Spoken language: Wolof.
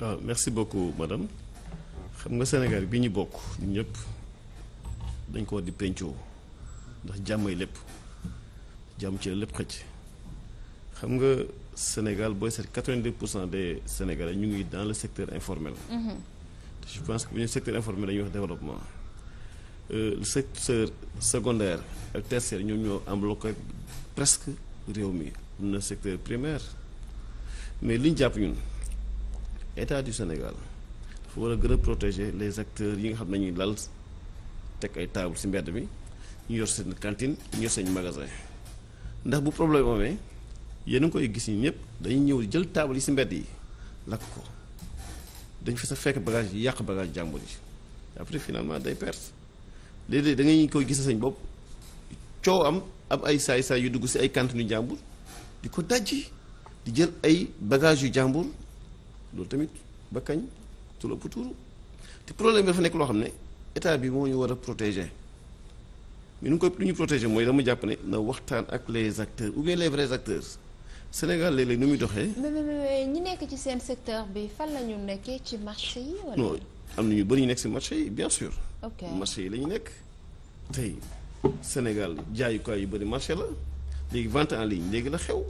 waaw ah, merci beaucoup madame xam nga Sénégal bi ñu bokk ñëpp dañ ko war di pencoo ndax jàmmay lépp jàmm ci la lépp xëcc xam nga Sénégal booy seet quatre-vingt-deux pour cent des Sénégalais ñu ngi dans le secteur informel. Mhm. je pense que bu ñu secteur informel dañuy wax développement. Euh, le secteur secondaire ak tertiaire ñoom ñoo am bloqué presque réew mi am na secteur primaire mais liñ jàpp ñun. état du Sénégal dafa war a gën a protéger les acteurs yi nga xam ne ñuy lal teg ay table ci mbedd bi ñu yor seen cantine ñu yor seen magasin ndax bu problème amee yéen a ngi koy gis ñi ñëpp dañuy ñëw jël table yi ci mbedd yi lakk ko dañ fi sa fekk bagage yi yàq bagage jàmbur yi après finalement day perte léeg-léeg da ngay koy gis sañ bopp coow am am ay saay saay yu dugg ci ay cantine yu di ko dajji di jël ay bagage yu jàmbur loolu tamit ba kañ tu la tuuru te problème bi dafa nekk loo xam ne état bi moo ñu war a protéger mais nu ko lu ñu protéger mooy dama jàpp ne na waxtaan ak les acteurs ou bien les vrais acteurs Sénégal léeg-léeg nu muy doxee. mais mais ñi nekk ci seen secteur bi fan la ñu nekkee ci marché yi wala. non am na ñu bëri ñu nekk si marché yi bien sûr. ok marché yi la ñu nekk tey Sénégal jaayukaay yu bëri marché la léegi vente en ligne léegi la xew.